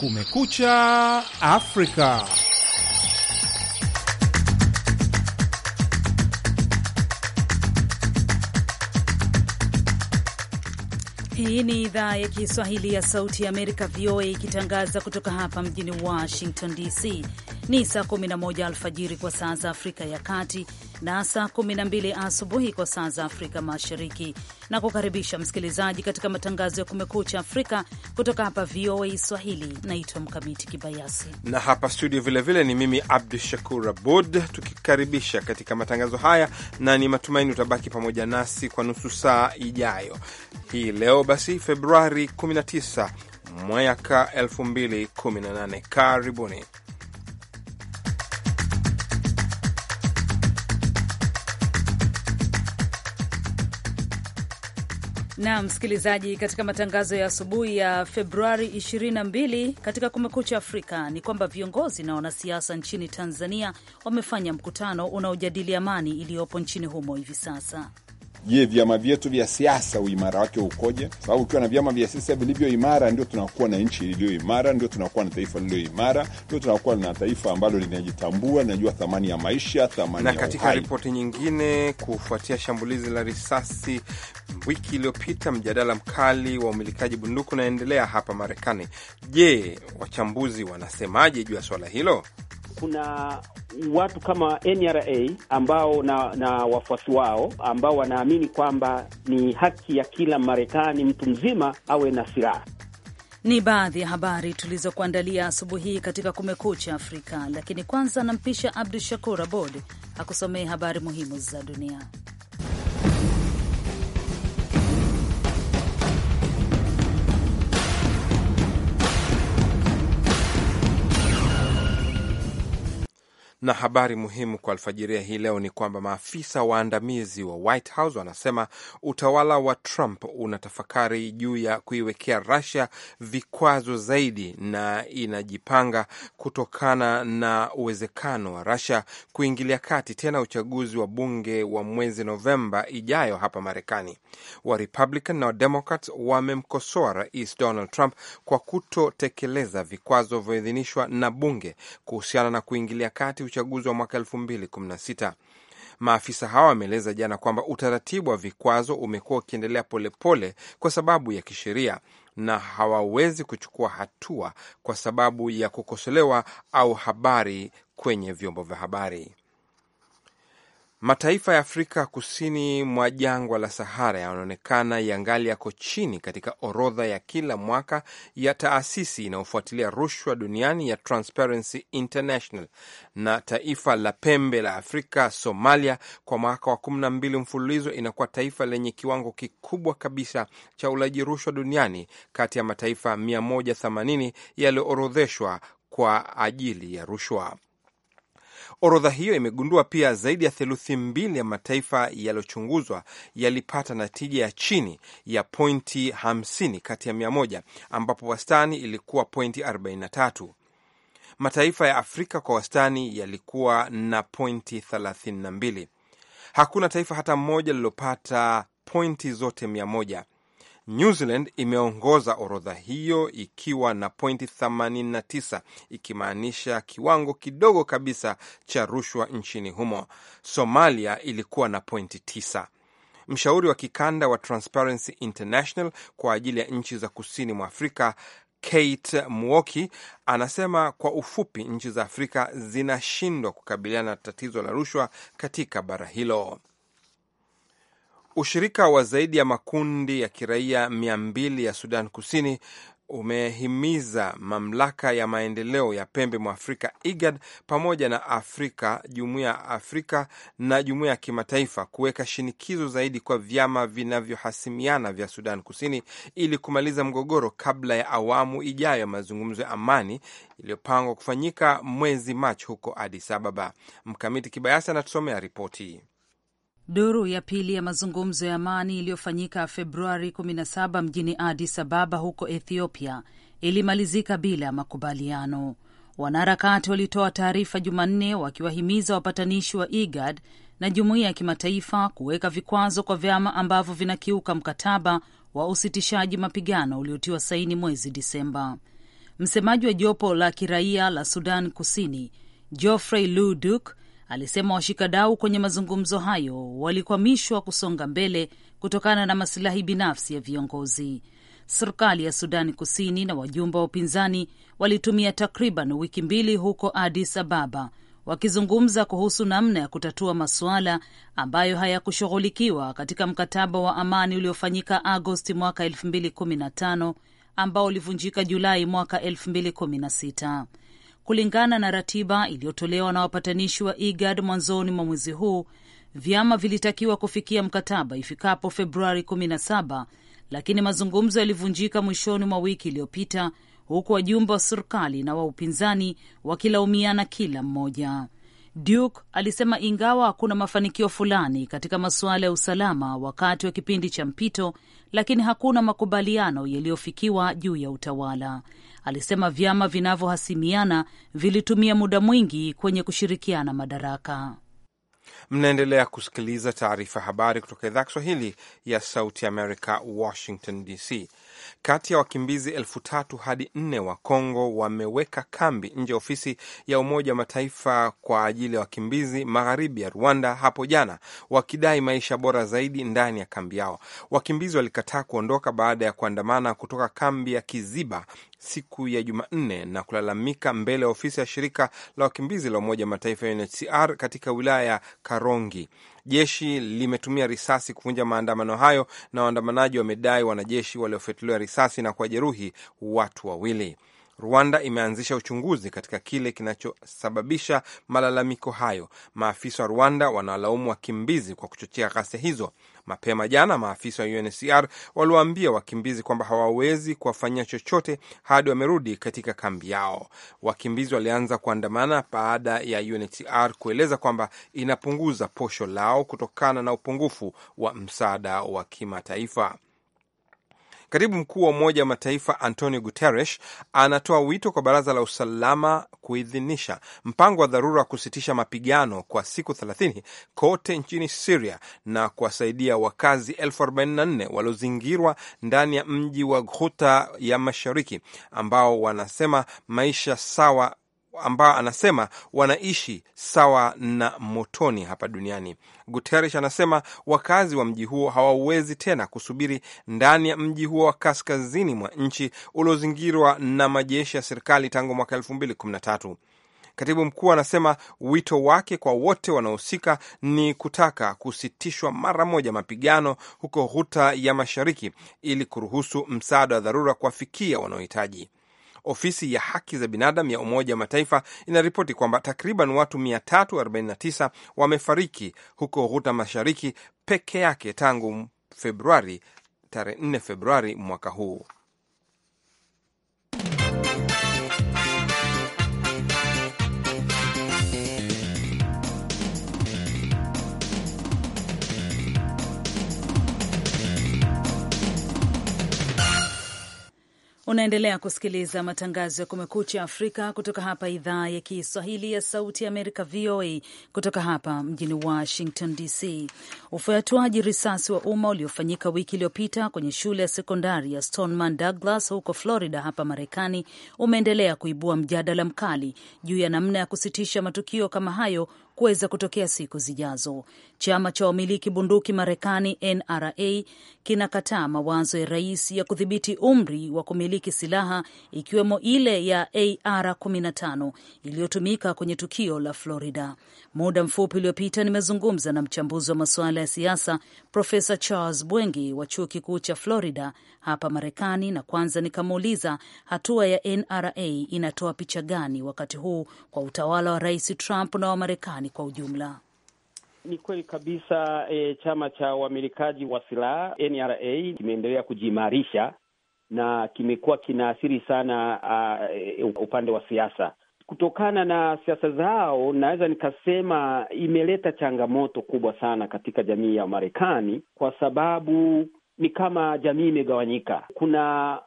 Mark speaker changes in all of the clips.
Speaker 1: Kumekucha Afrika.
Speaker 2: Hii ni idhaa ya Kiswahili ya Sauti ya Amerika, VOA, ikitangaza kutoka hapa mjini Washington DC. Ni saa 11 alfajiri kwa saa za Afrika ya Kati na saa 12 asubuhi kwa saa za Afrika Mashariki, na kukaribisha msikilizaji katika matangazo ya Kumekucha Afrika kutoka hapa VOA Swahili. Naitwa Mkamiti Kibayasi
Speaker 1: na hapa studio vilevile vile ni mimi Abdu Shakur Abud, tukikaribisha katika matangazo haya, na ni matumaini utabaki pamoja nasi kwa nusu saa ijayo hii leo. Basi Februari 19 mwaka 2018, karibuni.
Speaker 2: na msikilizaji, katika matangazo ya asubuhi ya Februari 22 katika Kumekucha Afrika ni kwamba viongozi na wanasiasa nchini Tanzania wamefanya mkutano unaojadili amani iliyopo nchini humo hivi sasa.
Speaker 3: Je, vyama vyetu vya siasa uimara wake ukoje? Sababu ukiwa na vyama vya siasa vilivyo imara, ndio tunakuwa na nchi iliyo imara, ndio tunakuwa na taifa lililo imara, ndio tunakuwa na taifa ambalo linajitambua, linajua thamani ya maisha, thamani na ya katika
Speaker 1: ripoti nyingine, kufuatia shambulizi la risasi wiki iliyopita, mjadala mkali wa umilikaji bunduki unaendelea hapa Marekani. Je, wachambuzi wanasemaje juu ya swala hilo?
Speaker 4: kuna watu kama NRA ambao na, na wafuasi wao ambao wanaamini kwamba ni haki ya kila Marekani mtu mzima awe na silaha.
Speaker 2: Ni baadhi ya habari tulizokuandalia asubuhi hii katika Kumekucha Afrika, lakini kwanza nampisha Abdu Shakur Abod akusomee habari muhimu za dunia.
Speaker 1: Na habari muhimu kwa alfajiria hii leo ni kwamba maafisa waandamizi wa White House wanasema utawala wa Trump unatafakari juu ya kuiwekea Russia vikwazo zaidi na inajipanga kutokana na uwezekano wa Russia kuingilia kati tena uchaguzi wa bunge wa mwezi Novemba ijayo hapa Marekani. Wa Republican na wa wamemkosoa Rais Donald Trump kwa kutotekeleza vikwazo vyoidhinishwa na bunge kuhusiana na kuingilia kati uchaguzi wa mwaka sita. Maafisa hawa wameeleza jana kwamba utaratibu wa vikwazo umekuwa ukiendelea polepole kwa sababu ya kisheria na hawawezi kuchukua hatua kwa sababu ya kukosolewa au habari kwenye vyombo vya habari. Mataifa ya Afrika kusini mwa jangwa la Sahara yanaonekana yangali yako chini katika orodha ya kila mwaka ya taasisi inayofuatilia rushwa duniani ya Transparency International. Na taifa la pembe la Afrika, Somalia, kwa mwaka wa kumi na mbili mfululizo inakuwa taifa lenye kiwango kikubwa kabisa cha ulaji rushwa duniani kati ya mataifa 180 yaliyoorodheshwa kwa ajili ya rushwa. Orodha hiyo imegundua pia zaidi ya theluthi mbili ya mataifa yaliyochunguzwa yalipata natija ya chini ya pointi 50 kati ya 100 ambapo wastani ilikuwa pointi 43. Mataifa ya Afrika kwa wastani yalikuwa na pointi 32. Hakuna taifa hata mmoja lililopata pointi zote mia moja New Zealand imeongoza orodha hiyo ikiwa na pointi 89 ikimaanisha kiwango kidogo kabisa cha rushwa nchini humo. Somalia ilikuwa na pointi 9. Mshauri wa kikanda wa Transparency International kwa ajili ya nchi za kusini mwa Afrika Kate Muoki anasema kwa ufupi, nchi za Afrika zinashindwa kukabiliana na tatizo la rushwa katika bara hilo. Ushirika wa zaidi ya makundi ya kiraia mia mbili ya Sudan Kusini umehimiza mamlaka ya maendeleo ya pembe mwa Afrika IGAD pamoja na Afrika jumuiya ya Afrika na jumuiya ya kimataifa kuweka shinikizo zaidi kwa vyama vinavyohasimiana vya Sudan Kusini ili kumaliza mgogoro kabla ya awamu ijayo ya mazungumzo ya amani iliyopangwa kufanyika mwezi Machi huko Addis Ababa. Mkamiti Kibayasi anatusomea ripoti hii.
Speaker 2: Duru ya pili ya mazungumzo ya amani iliyofanyika Februari 17 mjini Addis Ababa huko Ethiopia ilimalizika bila makubaliano. Wanaharakati walitoa taarifa Jumanne wakiwahimiza wapatanishi wa IGAD na jumuiya ya kimataifa kuweka vikwazo kwa vyama ambavyo vinakiuka mkataba wa usitishaji mapigano uliotiwa saini mwezi Disemba. Msemaji wa jopo la kiraia la Sudan Kusini Geoffrey Lu Duk alisema washikadau kwenye mazungumzo hayo walikwamishwa kusonga mbele kutokana na masilahi binafsi ya viongozi. Serikali ya Sudani Kusini na wajumbe wa upinzani walitumia takriban wiki mbili huko Addis Ababa wakizungumza kuhusu namna ya kutatua masuala ambayo hayakushughulikiwa katika mkataba wa amani uliofanyika Agosti mwaka 2015 ambao ulivunjika Julai mwaka 2016. Kulingana na ratiba iliyotolewa na wapatanishi wa IGAD mwanzoni mwa mwezi huu, vyama vilitakiwa kufikia mkataba ifikapo Februari 17 lakini mazungumzo yalivunjika mwishoni mwa wiki iliyopita, huku wajumbe wa serikali na wa upinzani wakilaumiana kila mmoja. Duke alisema ingawa kuna mafanikio fulani katika masuala ya usalama wakati wa kipindi cha mpito, lakini hakuna makubaliano yaliyofikiwa juu ya utawala alisema vyama vinavyohasimiana vilitumia muda mwingi kwenye kushirikiana madaraka.
Speaker 1: Mnaendelea kusikiliza taarifa habari kutoka idhaa Kiswahili ya Sauti Amerika, Washington DC. Kati ya wakimbizi elfu tatu hadi nne wa Kongo wameweka kambi nje ya ofisi ya Umoja wa Mataifa kwa ajili ya wakimbizi magharibi ya Rwanda hapo jana, wakidai maisha bora zaidi ndani ya kambi yao. Wakimbizi walikataa kuondoka baada ya kuandamana kutoka kambi ya Kiziba siku ya Jumanne na kulalamika mbele ya ofisi ya shirika la wakimbizi la Umoja Mataifa ya UNHCR katika wilaya ya Karongi. Jeshi limetumia risasi kuvunja maandamano hayo, na waandamanaji wamedai wanajeshi waliofyatuliwa risasi na kuwajeruhi watu wawili. Rwanda imeanzisha uchunguzi katika kile kinachosababisha malalamiko hayo. Maafisa wa Rwanda wanawalaumu wakimbizi kwa kuchochea ghasia hizo, Mapema jana, maafisa wa UNHCR waliwaambia wakimbizi kwamba hawawezi kuwafanyia chochote hadi wamerudi katika kambi yao. Wakimbizi walianza kuandamana baada ya UNHCR kueleza kwamba inapunguza posho lao kutokana na upungufu wa msaada wa kimataifa. Katibu mkuu wa Umoja wa Mataifa Antonio Guterres anatoa wito kwa Baraza la Usalama kuidhinisha mpango wa dharura wa kusitisha mapigano kwa siku 30 kote nchini Siria na kuwasaidia wakazi 44 waliozingirwa ndani ya mji wa Ghuta ya mashariki ambao wanasema maisha sawa ambao anasema wanaishi sawa na motoni hapa duniani. Guterres anasema wakazi wa mji huo hawawezi tena kusubiri ndani ya mji huo wa kaskazini mwa nchi uliozingirwa na majeshi ya serikali tangu mwaka elfu mbili kumi na tatu. Katibu mkuu anasema wito wake kwa wote wanaohusika ni kutaka kusitishwa mara moja mapigano huko Ghuta ya Mashariki ili kuruhusu msaada wa dharura kuwafikia wanaohitaji. Ofisi ya haki za binadamu ya Umoja wa Mataifa inaripoti kwamba takriban watu 349 wamefariki huko Ghuta Mashariki peke yake tangu Februari tarehe 4 Februari mwaka huu.
Speaker 2: Unaendelea kusikiliza matangazo ya Kumekucha Afrika kutoka hapa idhaa ya Kiswahili ya Sauti ya Amerika, VOA, kutoka hapa mjini Washington DC. Ufuatuaji risasi wa umma uliofanyika wiki iliyopita kwenye shule ya sekondari ya Stoneman Douglas huko Florida hapa Marekani umeendelea kuibua mjadala mkali juu ya namna ya kusitisha matukio kama hayo kuweza kutokea siku zijazo. Chama cha wamiliki bunduki Marekani, NRA, kinakataa mawazo ya rais ya kudhibiti umri wa kumiliki silaha ikiwemo ile ya AR 15 iliyotumika kwenye tukio la Florida. Muda mfupi uliopita nimezungumza na mchambuzi wa masuala ya siasa Profesa Charles Bwengi wa chuo kikuu cha Florida hapa Marekani, na kwanza nikamuuliza hatua ya NRA inatoa picha gani wakati huu kwa utawala wa Rais Trump na Wamarekani kwa ujumla?
Speaker 4: Ni kweli kabisa e, chama cha uamilikaji wa silaha NRA kimeendelea kujiimarisha na kimekuwa kinaathiri sana e, upande wa siasa. Kutokana na siasa zao, naweza nikasema imeleta changamoto kubwa sana katika jamii ya Marekani, kwa sababu ni kama jamii imegawanyika. Kuna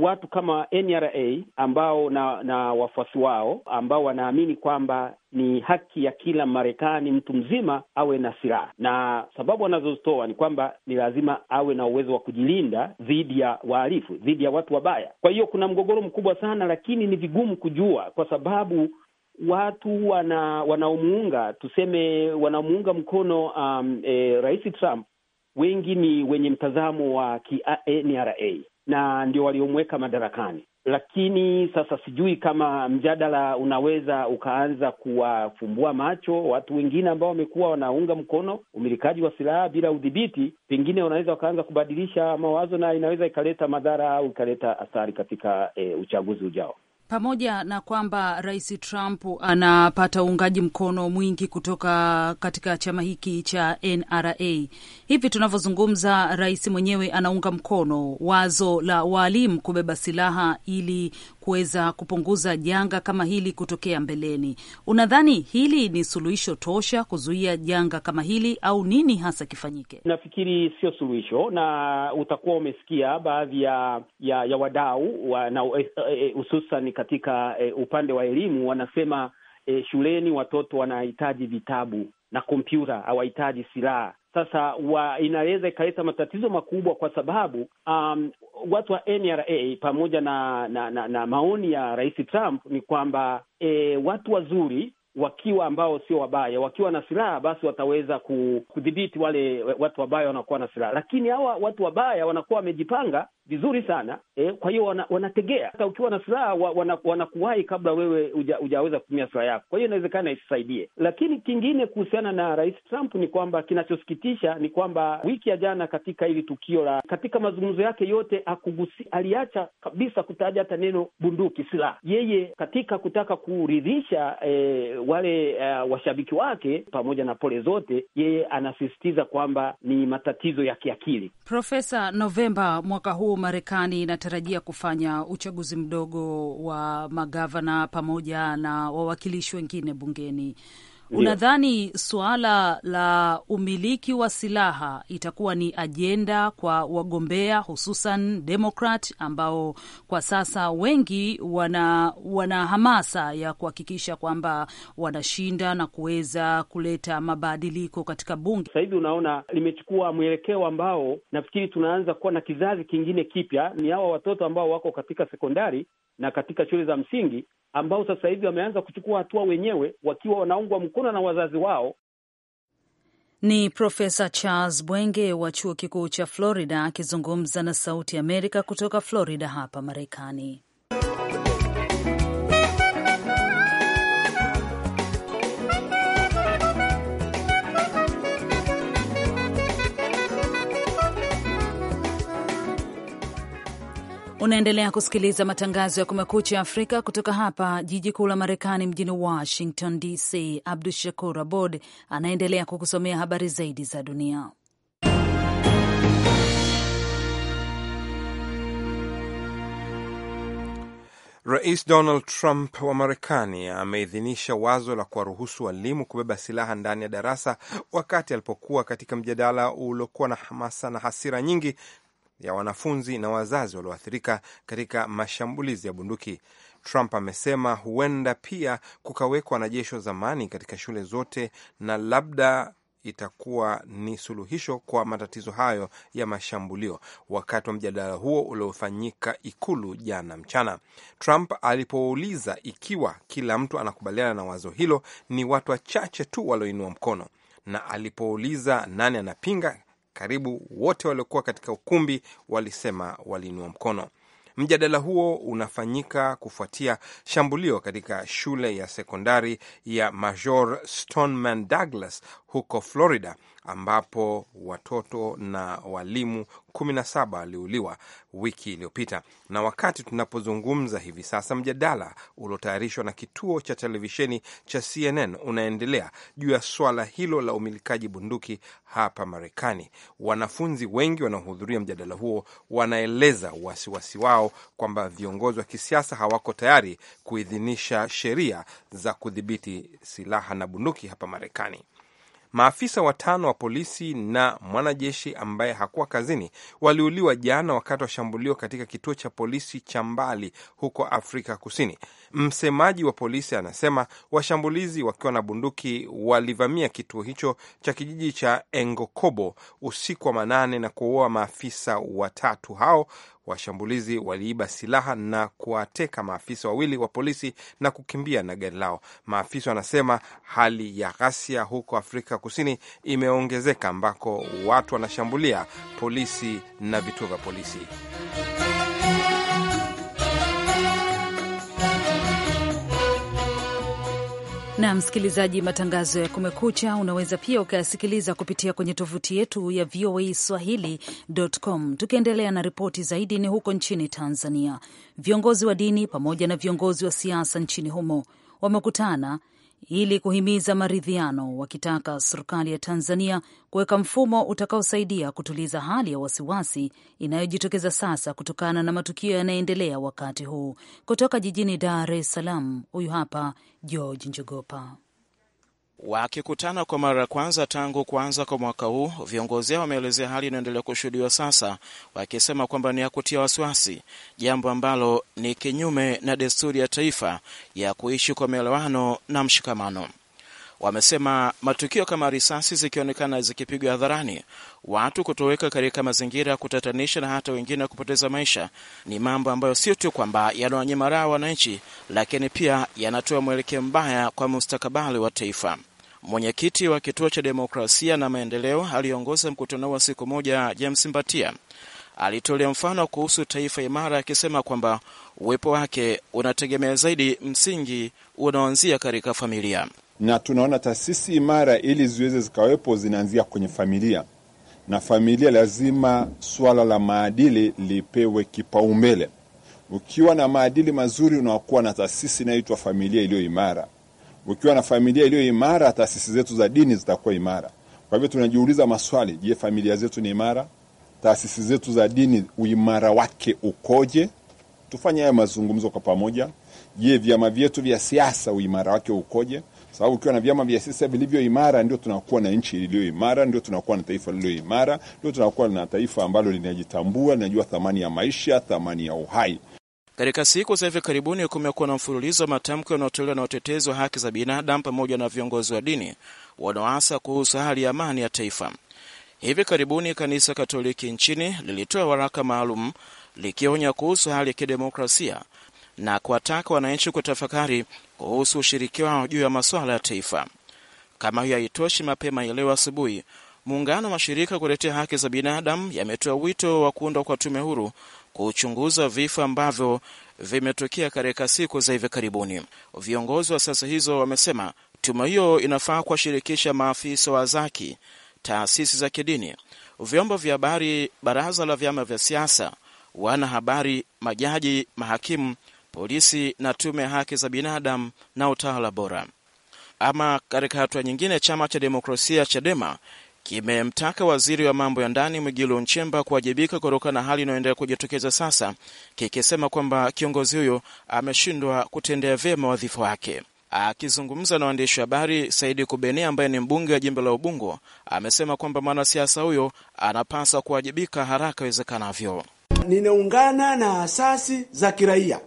Speaker 4: watu kama NRA ambao na, na wafuasi wao ambao wanaamini kwamba ni haki ya kila Marekani mtu mzima awe na silaha, na sababu wanazozitoa ni kwamba ni lazima awe na uwezo wa kujilinda dhidi ya wahalifu, dhidi ya watu wabaya. Kwa hiyo kuna mgogoro mkubwa sana, lakini ni vigumu kujua kwa sababu watu wana wanaomuunga tuseme wanaomuunga mkono um, e, Rais Trump wengi ni wenye mtazamo wa eh, NRA na ndio waliomweka madarakani, lakini sasa sijui kama mjadala unaweza ukaanza kuwafumbua macho watu wengine ambao wamekuwa wanaunga mkono umilikaji wa silaha bila udhibiti, pengine wanaweza wakaanza kubadilisha mawazo na inaweza ikaleta madhara au ikaleta athari katika e, uchaguzi
Speaker 2: ujao pamoja na kwamba Rais Trump anapata uungaji mkono mwingi kutoka katika chama hiki cha NRA, hivi tunavyozungumza, rais mwenyewe anaunga mkono wazo la waalimu kubeba silaha ili kuweza kupunguza janga kama hili kutokea mbeleni. Unadhani hili ni suluhisho tosha kuzuia janga kama hili au nini hasa kifanyike? Nafikiri sio suluhisho,
Speaker 4: na utakuwa umesikia baadhi ya ya, ya wadau wa, na eh, eh, hususan e, katika e, upande wa elimu wanasema e, shuleni watoto wanahitaji vitabu na kompyuta, hawahitaji silaha sasa wa, inaweza ikaleta matatizo makubwa kwa sababu um, watu wa NRA pamoja na, na, na, na maoni ya Rais Trump ni kwamba e, watu wazuri wakiwa ambao sio wabaya, wakiwa na silaha basi wataweza kudhibiti wale watu wabaya wanakuwa na silaha, lakini hawa watu wabaya wanakuwa wamejipanga vizuri sana eh, kwa hiyo wana, wanategea hata ukiwa na silaha wanakuwahi wana kabla wewe uja, kutumia silaha yako. Kwa hiyo inawezekana isisaidie. Lakini kingine kuhusiana na Rais Trump ni kwamba kinachosikitisha ni kwamba wiki ya jana katika hili tukio la katika mazungumzo yake yote akugusi, aliacha kabisa kutaja hata neno bunduki, silaha. Yeye katika kutaka kuridhisha eh, wale eh, washabiki wake pamoja na pole zote, yeye anasisitiza kwamba ni matatizo ya kiakili.
Speaker 2: Profesa, Novemba mwaka huu Marekani na wanatarajia kufanya uchaguzi mdogo wa magavana pamoja na wawakilishi wengine bungeni. Unadhani suala la umiliki wa silaha itakuwa ni ajenda kwa wagombea hususan Demokrat ambao kwa sasa wengi wana, wana hamasa ya kuhakikisha kwamba wanashinda na kuweza kuleta mabadiliko katika bunge. Sasa
Speaker 4: hivi unaona limechukua mwelekeo ambao nafikiri tunaanza kuwa na kizazi kingine kipya, ni hawa watoto ambao wako katika sekondari na katika shule za msingi ambao sasa hivi wameanza kuchukua hatua wenyewe wakiwa wanaungwa mkono na wazazi wao.
Speaker 2: Ni Profesa Charles Bwenge wa chuo kikuu cha Florida akizungumza na Sauti Amerika kutoka Florida hapa Marekani. Unaendelea kusikiliza matangazo ya Kumekucha Afrika kutoka hapa jiji kuu la Marekani, mjini Washington DC. Abdu Shakur Abod anaendelea kukusomea habari zaidi za dunia.
Speaker 1: Rais Donald Trump wa Marekani ameidhinisha wazo la kuwaruhusu walimu kubeba silaha ndani ya darasa wakati alipokuwa katika mjadala uliokuwa na hamasa na hasira nyingi ya wanafunzi na wazazi walioathirika katika mashambulizi ya bunduki. Trump amesema huenda pia kukawekwa wanajeshi wa zamani katika shule zote na labda itakuwa ni suluhisho kwa matatizo hayo ya mashambulio. Wakati wa mjadala huo uliofanyika ikulu jana mchana, Trump alipouliza ikiwa kila mtu anakubaliana na wazo hilo, ni watu wachache tu walioinua mkono, na alipouliza nani anapinga karibu wote waliokuwa katika ukumbi walisema waliinua mkono. Mjadala huo unafanyika kufuatia shambulio katika shule ya sekondari ya Major Stoneman Douglas huko Florida ambapo watoto na walimu 17 waliuliwa wiki iliyopita. Na wakati tunapozungumza hivi sasa, mjadala uliotayarishwa na kituo cha televisheni cha CNN unaendelea juu ya swala hilo la umilikaji bunduki hapa Marekani. Wanafunzi wengi wanaohudhuria mjadala huo wanaeleza wasiwasi wao kwamba viongozi wa kisiasa hawako tayari kuidhinisha sheria za kudhibiti silaha na bunduki hapa Marekani. Maafisa watano wa polisi na mwanajeshi ambaye hakuwa kazini waliuliwa jana wakati wa shambulio katika kituo cha polisi cha mbali huko Afrika Kusini. Msemaji wa polisi anasema washambulizi wakiwa na bunduki walivamia kituo hicho cha kijiji cha Engokobo usiku wa manane na kuua maafisa watatu hao washambulizi waliiba silaha na kuwateka maafisa wawili wa polisi na kukimbia na gari lao. Maafisa wanasema hali ya ghasia huko Afrika Kusini imeongezeka ambako watu wanashambulia polisi na vituo vya polisi.
Speaker 2: na msikilizaji, matangazo ya Kumekucha unaweza pia ukayasikiliza kupitia kwenye tovuti yetu ya VOA Swahili.com. Tukiendelea na ripoti zaidi, ni huko nchini Tanzania, viongozi wa dini pamoja na viongozi wa siasa nchini humo wamekutana ili kuhimiza maridhiano, wakitaka serikali ya Tanzania kuweka mfumo utakaosaidia kutuliza hali ya wasiwasi inayojitokeza sasa kutokana na matukio yanayoendelea wakati huu. Kutoka jijini Dar es Salaam, huyu hapa George Njogopa.
Speaker 5: Wakikutana kwa mara ya kwanza tangu kuanza kwa mwaka huu, viongozi hao wameelezea hali inaendelea kushuhudiwa sasa, wakisema kwamba ni ya kutia wasiwasi, jambo ambalo ni kinyume na desturi ya taifa ya kuishi kwa maelewano na mshikamano. Wamesema matukio kama risasi zikionekana zikipigwa hadharani, watu kutoweka katika mazingira ya kutatanisha na hata wengine kupoteza maisha ni mambo ambayo sio tu kwamba yanawanyima raha wananchi, lakini pia yanatoa mwelekeo mbaya kwa mustakabali wa taifa. Mwenyekiti wa kituo cha demokrasia na maendeleo aliongoza mkutano wa siku moja, James Mbatia alitolea mfano kuhusu taifa imara, akisema kwamba uwepo wake unategemea zaidi msingi unaoanzia katika familia,
Speaker 3: na tunaona taasisi imara ili ziweze zikawepo zinaanzia kwenye familia, na familia lazima swala la maadili lipewe kipaumbele. Ukiwa na maadili mazuri, unakuwa na taasisi inayoitwa familia iliyo imara. Ukiwa na familia iliyo imara, taasisi zetu za dini zitakuwa imara. Kwa hivyo tunajiuliza maswali, je, familia zetu ni imara? Taasisi zetu za dini uimara wake ukoje? Tufanye haya mazungumzo kwa pamoja. Je, vyama vyetu vya siasa uimara wake ukoje? Sababu ukiwa na vyama vya siasa vilivyo imara, ndio tunakuwa na nchi iliyo imara, ndio tunakuwa na taifa lililo imara, ndio tunakuwa na taifa ambalo linajitambua, linajua thamani ya maisha, thamani ya uhai.
Speaker 5: Katika siku za hivi karibuni kumekuwa na mfululizo wa matamko yanayotolewa na watetezi wa haki za binadamu pamoja na viongozi wa dini wanaoasa kuhusu hali ya amani ya taifa. Hivi karibuni kanisa Katoliki nchini lilitoa waraka maalum likionya kuhusu hali ya kidemokrasia na kuwataka wananchi kutafakari kuhusu ushiriki wao juu ya masuala ya taifa. Kama hiyo haitoshi, mapema ileo asubuhi muungano wa mashirika kutetea haki za binadamu yametoa wito wa kuundwa kwa tume huru kuchunguza vifo ambavyo vimetokea katika siku za hivi karibuni. Viongozi wa sasa hizo wamesema tume hiyo inafaa kuwashirikisha maafisa wa zaki, taasisi za kidini, vyombo vya habari, baraza la vyama vya siasa, wanahabari, majaji, mahakimu, polisi na tume ya haki za binadamu na utawala bora. Ama katika hatua nyingine, chama cha demokrasia Chadema kimemtaka waziri wa mambo ya ndani Mwigulu Nchemba kuwajibika kutokana na hali inayoendelea kujitokeza sasa, kikisema kwamba kiongozi huyo ameshindwa kutendea vyema wadhifa wake. Akizungumza na waandishi wa habari, Saidi Kubeni ambaye ni mbunge wa jimbo la Ubungo amesema kwamba mwanasiasa huyo anapaswa kuwajibika haraka iwezekanavyo. Ninaungana na asasi za kiraia,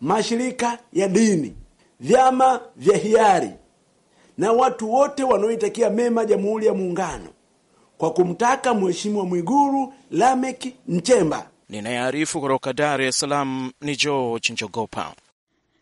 Speaker 5: mashirika ya dini, vyama vya hiari na watu wote wanaoitakia mema Jamhuri ya Muungano kwa kumtaka Mheshimiwa Mwiguru Lamek Nchemba. Ninayearifu kutoka Dar es Salaam ni George Njogopa.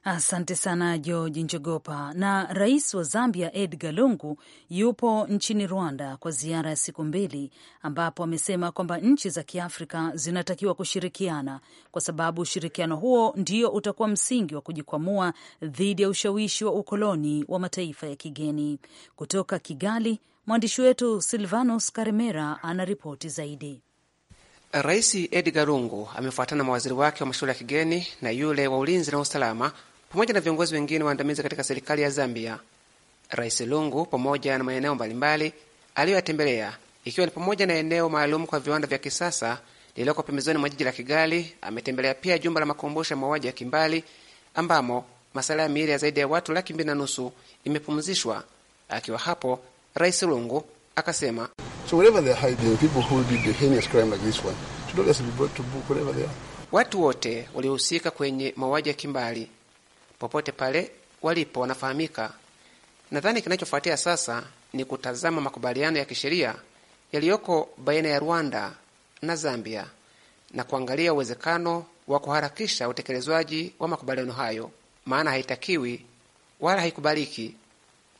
Speaker 2: Asante sana George Njogopa. Na rais wa Zambia Edgar Lungu yupo nchini Rwanda kwa ziara ya siku mbili, ambapo amesema kwamba nchi za Kiafrika zinatakiwa kushirikiana kwa sababu ushirikiano huo ndio utakuwa msingi wa kujikwamua dhidi ya ushawishi wa ukoloni wa mataifa ya kigeni. Kutoka Kigali, Mwandishi wetu Silvanus Karemera anaripoti zaidi.
Speaker 6: Rais Edgar Lungu amefuatana na mawaziri wake wa mashauri ya kigeni na yule wa ulinzi na usalama pamoja na viongozi wengine waandamizi katika serikali ya Zambia. Rais Lungu pamoja na maeneo mbalimbali aliyoyatembelea ikiwa ni pamoja na eneo maalum kwa viwanda vya kisasa lililoko pembezoni mwa jiji la Kigali. Ametembelea pia jumba la makumbusho ya mauaji ya kimbali ambamo masala ya miili ya zaidi ya watu laki mbili na nusu imepumzishwa. Akiwa hapo Rais Lungu akasema so watu wote waliohusika kwenye mauaji ya kimbali popote pale walipo wanafahamika. Nadhani kinachofuatia sasa ni kutazama makubaliano ya kisheria yaliyoko baina ya Rwanda na Zambia na kuangalia uwezekano wa kuharakisha utekelezwaji wa makubaliano hayo, maana haitakiwi wala haikubaliki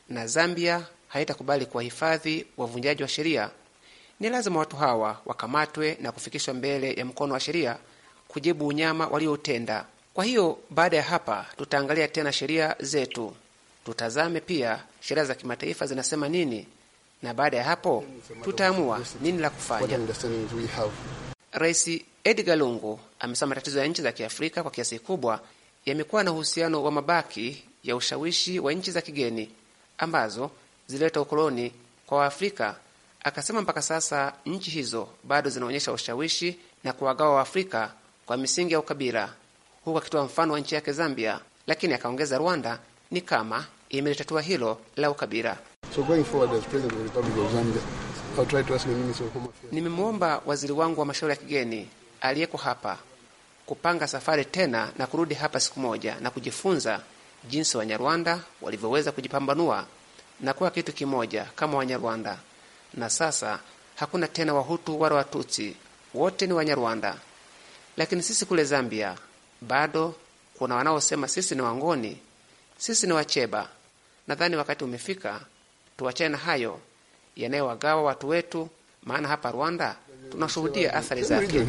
Speaker 6: na Zambia haitakubali kuwahifadhi wavunjaji wa sheria. Ni lazima watu hawa wakamatwe na kufikishwa mbele ya mkono wa sheria kujibu unyama walioutenda. Kwa hiyo baada ya hapa tutaangalia tena sheria zetu, tutazame pia sheria za kimataifa zinasema nini, na baada ya hapo tutaamua nini la kufanya. Rais Edgar Lungu amesema matatizo ya nchi za Kiafrika kwa kiasi kikubwa yamekuwa na uhusiano wa mabaki ya ushawishi wa nchi za kigeni ambazo zilileta ukoloni kwa Waafrika. Akasema mpaka sasa nchi hizo bado zinaonyesha ushawishi na kuwagawa Waafrika kwa misingi ya ukabila, huku akitoa mfano wa nchi yake Zambia, lakini akaongeza Rwanda ni kama imelitatua hilo la ukabila. So nimemwomba waziri wangu wa mashauri ya kigeni aliyeko hapa kupanga safari tena na kurudi hapa siku moja na kujifunza jinsi Wanyarwanda walivyoweza kujipambanua na kuwa kitu kimoja kama Wanyarwanda, na sasa hakuna tena Wahutu wala Watutsi, wote ni Wanyarwanda. Lakini sisi kule Zambia bado kuna wanaosema sisi ni Wangoni, sisi ni Wacheba. Nadhani wakati umefika tuwachane na hayo yanayowagawa watu wetu, maana hapa Rwanda tunashuhudia athari zake.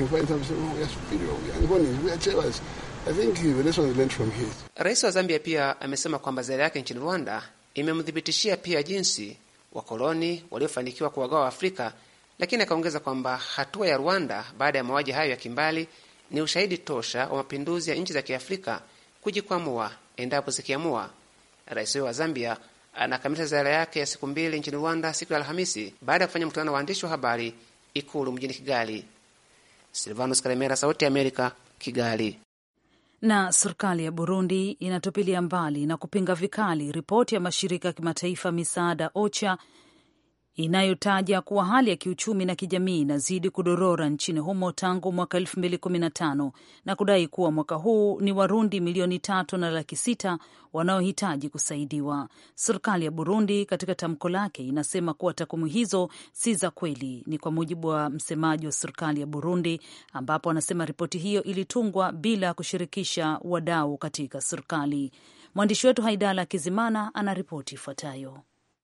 Speaker 6: Rais wa Zambia pia amesema kwamba ziara yake nchini Rwanda Imemthibitishia pia jinsi wakoloni waliofanikiwa kuwagawa Afrika, lakini akaongeza kwamba hatua ya Rwanda baada ya mauaji hayo ya kimbali ni ushahidi tosha wa mapinduzi ya nchi za Kiafrika kujikwamua endapo zikiamua. Rais huyo wa Zambia anakamilisha ziara yake ya siku mbili nchini Rwanda siku ya Alhamisi baada ya kufanya mkutano na waandishi wa habari Ikulu mjini Kigali. Silvanus Karemera, Sauti ya Amerika, Kigali.
Speaker 2: Na serikali ya Burundi inatupilia mbali na kupinga vikali ripoti ya mashirika ya kimataifa misaada OCHA inayotaja kuwa hali ya kiuchumi na kijamii inazidi kudorora nchini humo tangu mwaka 2015 na kudai kuwa mwaka huu ni Warundi milioni tatu na laki sita wanaohitaji kusaidiwa. Serikali ya Burundi katika tamko lake inasema kuwa takwimu hizo si za kweli. Ni kwa mujibu wa msemaji wa serikali ya Burundi, ambapo anasema ripoti hiyo ilitungwa bila kushirikisha wadau katika serikali. Mwandishi wetu Haidala Kizimana ana ripoti ifuatayo.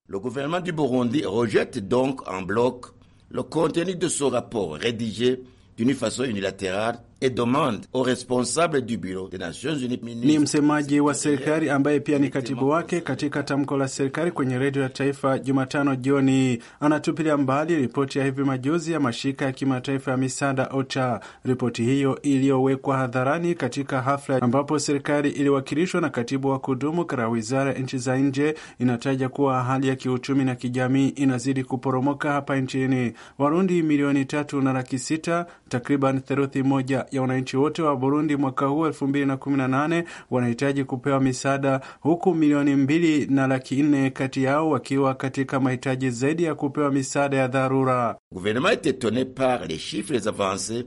Speaker 7: Le gouvernement du Burundi rejette donc en bloc le contenu de ce rapport rédigé d'une façon unilatérale et demande aux responsables du bureau des Nations Unies. Ni
Speaker 8: msemaji wa serikali ambaye pia ni katibu wake. Katika tamko la serikali kwenye redio ya taifa Jumatano jioni, anatupilia mbali ripoti ya hivi majuzi ya mashirika ya kimataifa ya misaada OCHA. Ripoti hiyo iliyowekwa hadharani katika hafla ambapo serikali iliwakilishwa na katibu wa kudumu katika wizara ya nchi za nje inataja kuwa hali ya kiuchumi na kijamii inazidi kuporomoka hapa nchini. Warundi milioni tatu na laki sita, takriban theluthi moja ya wananchi wote wa Burundi mwaka huu 2018 wanahitaji kupewa misaada, huku milioni mbili na laki nne kati yao wakiwa katika mahitaji zaidi ya kupewa misaada ya dharura.
Speaker 7: Gouvernement est etonne par les chiffres avances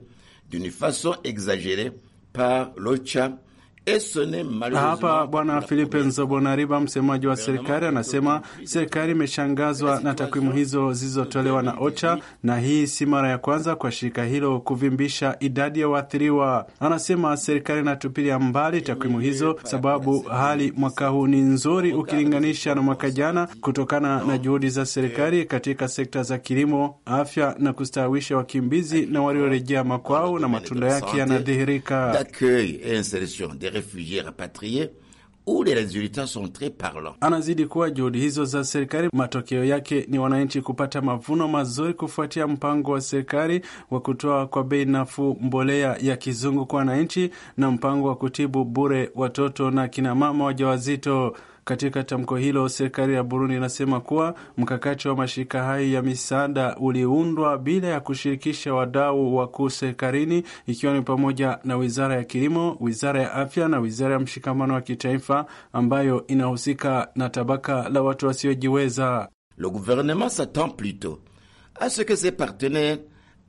Speaker 7: d'une façon exagere par l'OCHA hapa Bwana
Speaker 8: Filipe Nzobonariba, msemaji wa serikali, anasema serikali imeshangazwa na takwimu hizo zilizotolewa na OCHA, na hii si mara ya kwanza kwa shirika hilo kuvimbisha idadi ya waathiriwa. Anasema serikali inatupilia mbali takwimu hizo, sababu hali mwaka huu ni nzuri ukilinganisha na mwaka jana, kutokana na juhudi za serikali katika sekta za kilimo, afya na kustawisha wakimbizi na waliorejea makwao, na matunda yake yanadhihirika
Speaker 7: réfugiés rapatriés les résultats sont très parlants.
Speaker 8: Anazidi kuwa juhudi hizo za serikali, matokeo yake ni wananchi kupata mavuno mazuri kufuatia mpango wa serikali wa kutoa kwa bei nafuu mbolea ya kizungu kwa wananchi na mpango wa kutibu bure watoto na kinamama wajawazito. Katika tamko hilo, serikali ya Burundi inasema kuwa mkakati wa mashirika hayo ya misaada uliundwa bila ya kushirikisha wadau wakuu serikalini, ikiwa ni pamoja na wizara ya kilimo, wizara ya afya na wizara ya mshikamano wa kitaifa ambayo inahusika na tabaka la watu wasiojiweza. Le
Speaker 7: gouvernement s'attend plutôt à ce que ses partenaires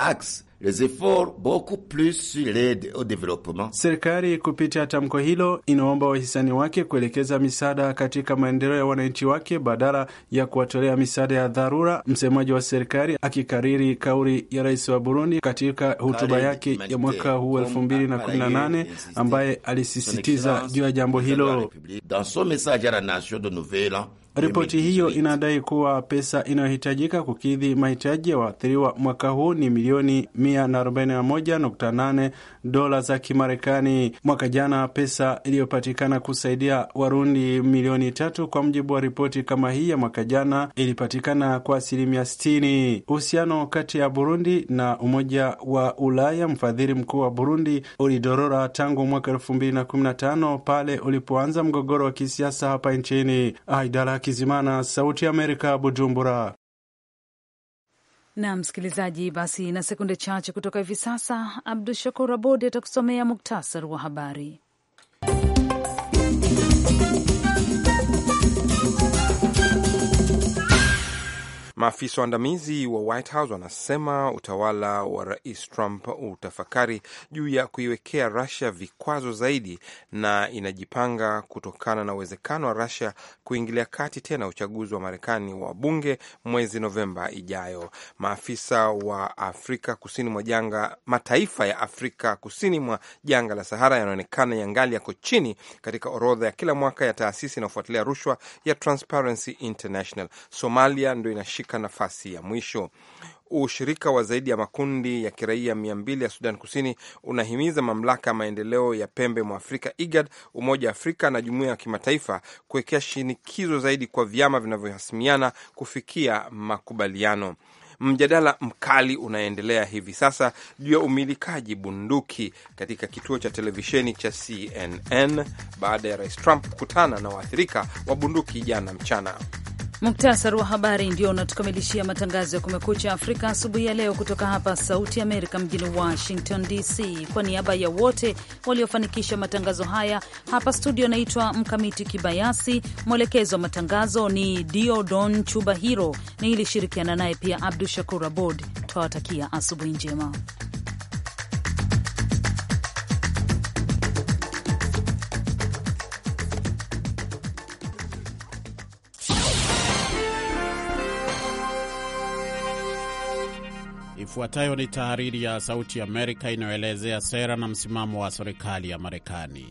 Speaker 7: axe les efforts beaucoup plus sur l'aide au développement.
Speaker 8: Serikali kupitia tamko hilo inaomba wahisani wake kuelekeza misaada katika maendeleo ya wananchi wake badala ya kuwatolea misaada ya dharura. Msemaji wa serikali akikariri kauli ya rais wa Burundi katika hotuba yake ya mwaka huu 2018 ambaye alisisitiza juu ya jambo hilo.
Speaker 7: Dans son message à la nation de nouvel an
Speaker 8: Ripoti hiyo inadai kuwa pesa inayohitajika kukidhi mahitaji ya waathiriwa mwaka huu ni milioni 141.8 dola za Kimarekani. Mwaka jana pesa iliyopatikana kusaidia Warundi milioni tatu, kwa mujibu wa ripoti kama hii ya mwaka jana, ilipatikana kwa asilimia 60. Uhusiano kati ya Burundi na Umoja wa Ulaya, mfadhili mkuu wa Burundi, ulidorora tangu mwaka 2015 pale ulipoanza mgogoro wa kisiasa hapa nchini. Kizimana, Sauti ya Amerika, Bujumbura.
Speaker 2: Na msikilizaji, basi na sekunde chache kutoka hivi sasa, Abdu Shakur Abodi atakusomea muktasari wa habari.
Speaker 1: Maafisa waandamizi wa White House wanasema utawala wa Rais Trump utafakari juu ya kuiwekea Russia vikwazo zaidi na inajipanga kutokana na uwezekano wa Russia kuingilia kati tena uchaguzi wa Marekani wa bunge mwezi Novemba ijayo. Maafisa wa Afrika kusini mwa janga, mataifa ya Afrika kusini mwa janga la Sahara yanaonekana yangali yako chini katika orodha ya kila mwaka ya taasisi inayofuatilia rushwa ya Transparency International. Somalia ndio inashika katika nafasi ya mwisho. Ushirika wa zaidi ya makundi ya kiraia mia mbili ya Sudan Kusini unahimiza mamlaka ya maendeleo ya pembe mwa Afrika, IGAD, Umoja wa Afrika na jumuiya ya kimataifa kuwekea shinikizo zaidi kwa vyama vinavyohasimiana kufikia makubaliano. Mjadala mkali unaendelea hivi sasa juu ya umilikaji bunduki katika kituo cha televisheni cha CNN baada ya rais Trump kukutana na waathirika wa bunduki jana mchana.
Speaker 2: Muktasari wa habari ndio unatukamilishia matangazo ya Kumekucha Afrika asubuhi ya leo, kutoka hapa Sauti Amerika mjini Washington DC. Kwa niaba ya wote waliofanikisha matangazo haya hapa studio, naitwa Mkamiti Kibayasi, mwelekezo wa matangazo ni Diodon ni nilishirikiana naye pia Abdu Shakur Abod. Twawatakia asubuhi njema.
Speaker 9: Ifuatayo ni tahariri ya Sauti Amerika inayoelezea sera na msimamo wa serikali ya Marekani.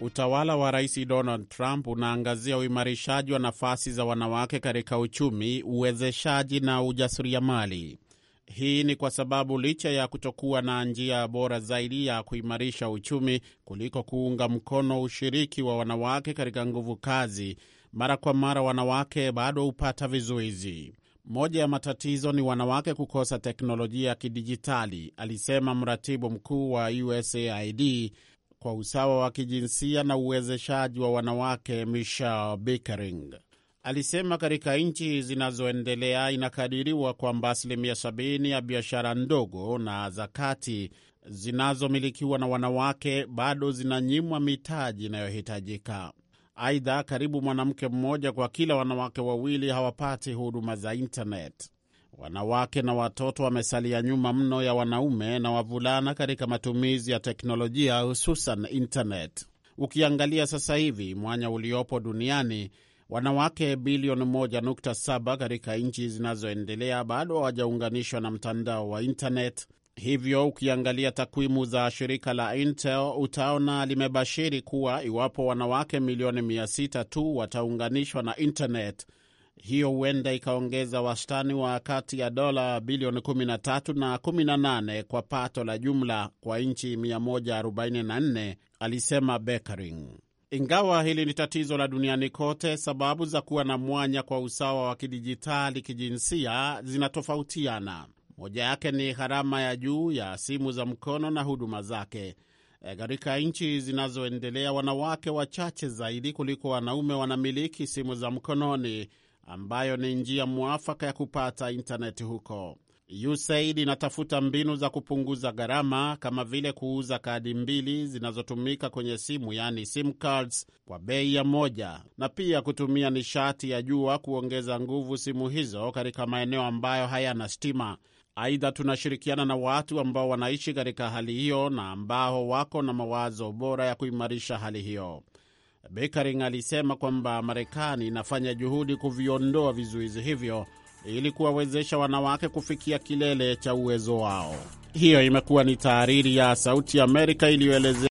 Speaker 9: Utawala wa Rais Donald Trump unaangazia uimarishaji wa nafasi za wanawake katika uchumi, uwezeshaji na ujasiriamali. Hii ni kwa sababu licha ya kutokuwa na njia bora zaidi ya kuimarisha uchumi kuliko kuunga mkono ushiriki wa wanawake katika nguvu kazi, mara kwa mara wanawake bado hupata vizuizi moja ya matatizo ni wanawake kukosa teknolojia ya kidijitali, alisema mratibu mkuu wa USAID kwa usawa wa kijinsia na uwezeshaji wa wanawake Michelle Bickering. Alisema katika nchi zinazoendelea inakadiriwa kwamba asilimia 70 ya biashara ndogo na za kati zinazomilikiwa na wanawake bado zinanyimwa mitaji inayohitajika. Aidha, karibu mwanamke mmoja kwa kila wanawake wawili hawapati huduma za intanet. Wanawake na watoto wamesalia nyuma mno ya wanaume na wavulana katika matumizi ya teknolojia, hususan intanet. Ukiangalia sasa hivi mwanya uliopo duniani, wanawake bilioni 1.7 katika nchi zinazoendelea bado hawajaunganishwa na mtandao wa intanet, Hivyo ukiangalia takwimu za shirika la Intel utaona limebashiri kuwa iwapo wanawake milioni 600 tu wataunganishwa na internet, hiyo huenda ikaongeza wastani wa kati ya dola bilioni 13 na 18 kwa pato la jumla kwa nchi 144, alisema Bekering. Ingawa hili ni tatizo la duniani kote, sababu za kuwa na mwanya kwa usawa wa kidijitali kijinsia zinatofautiana. Moja yake ni gharama ya juu ya simu za mkono na huduma zake. E, katika e, nchi zinazoendelea wanawake wachache zaidi kuliko wanaume wanamiliki simu za mkononi, ambayo ni njia mwafaka ya kupata intaneti huko. USAID inatafuta mbinu za kupunguza gharama kama vile kuuza kadi mbili zinazotumika kwenye simu, yani sim cards, kwa bei ya moja, na pia kutumia nishati ya jua kuongeza nguvu simu hizo katika maeneo ambayo hayana stima. Aidha, tunashirikiana na watu ambao wanaishi katika hali hiyo na ambao wako na mawazo bora ya kuimarisha hali hiyo. Bekering alisema kwamba Marekani inafanya juhudi kuviondoa vizuizi hivyo ili kuwawezesha wanawake kufikia kilele cha uwezo wao. Hiyo imekuwa ni tahariri
Speaker 2: ya Sauti ya Amerika iliyoelezea